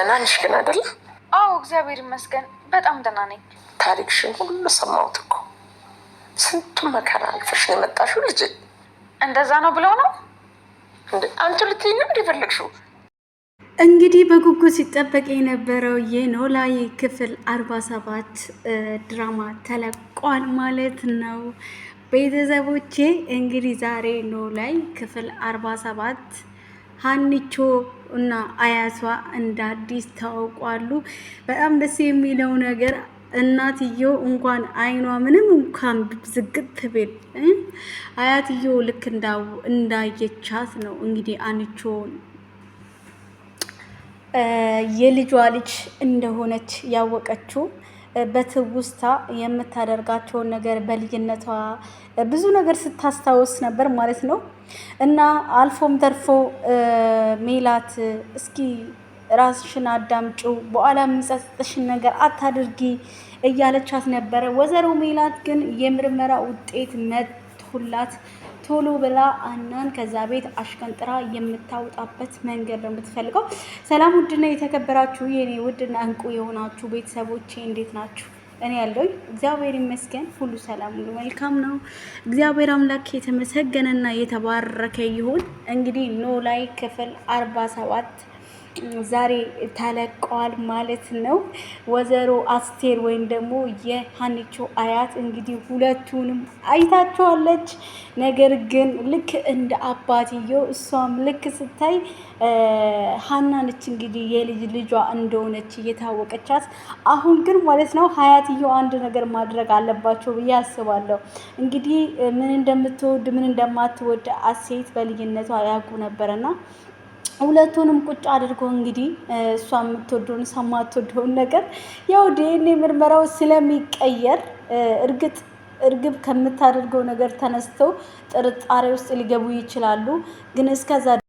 ደህና ነሽ ግን አይደለ? አዎ እግዚአብሔር ይመስገን በጣም ደህና ነኝ። ታሪክሽን ሁሉ ሰማሁት እኮ ስንቱን መከራ አልፈሽ ነው የመጣሽው እንደዛ ነው ብለው ነው አንቱ ልትይኝ ነው የፈለግሽው? እንግዲህ በጉጉት ሲጠበቅ የነበረው የኖላዊ ክፍል አርባ ሰባት ድራማ ተለቋል ማለት ነው። ቤተሰቦቼ እንግዲህ ዛሬ ኖላዊ ክፍል አርባ ሰባት ሀኒቾ እና አያቷ እንደ አዲስ ታውቋሉ። በጣም ደስ የሚለው ነገር እናትየው እንኳን አይኗ ምንም እንኳን ዝግት ትብል አያትየው ልክ እንዳየቻት ነው እንግዲህ አንቺውን የልጇ ልጅ እንደሆነች ያወቀችው። በትውስታ የምታደርጋቸውን ነገር በልጅነቷ ብዙ ነገር ስታስታውስ ነበር ማለት ነው። እና አልፎም ተርፎ ሜላት እስኪ ራስሽን አዳምጩ፣ በኋላ የሚጸጽጥሽን ነገር አታድርጊ እያለቻት ነበረ። ወይዘሮ ሜላት ግን የምርመራ ውጤት መጥቶላት ቶሎ ብላ አናን ከዛ ቤት አሽቀንጥራ የምታወጣበት መንገድ ነው የምትፈልገው። ሰላም ውድና የተከበራችሁ የኔ ውድና እንቁ የሆናችሁ ቤተሰቦቼ እንዴት ናችሁ? እኔ ያለው እግዚአብሔር ይመስገን ሁሉ ሰላም፣ ሁሉ መልካም ነው። እግዚአብሔር አምላክ የተመሰገነና የተባረከ ይሁን። እንግዲህ ኖላዊ ክፍል አርባ ሰባት ዛሬ ተለቀዋል ማለት ነው። ወይዘሮ አስቴር ወይም ደግሞ የሀኒቾ አያት እንግዲህ ሁለቱንም አይታቸዋለች። ነገር ግን ልክ እንደ አባትየው እሷም ልክ ስታይ ሀናነች እንግዲህ የልጅ ልጇ እንደሆነች እየታወቀቻት፣ አሁን ግን ማለት ነው ሀያትየው አንድ ነገር ማድረግ አለባቸው ብዬ አስባለሁ። እንግዲህ ምን እንደምትወድ ምን እንደማትወድ አሴት በልጅነቷ ያውቁ ነበረና ሁለቱንም ቁጭ አድርጎ እንግዲህ እሷ የምትወደውን እሷ የማትወደውን ነገር ያው ዲኤንኤ ምርመራው ስለሚቀየር እርግጥ እርግብ ከምታደርገው ነገር ተነስተው ጥርጣሬ ውስጥ ሊገቡ ይችላሉ ግን እስከዛ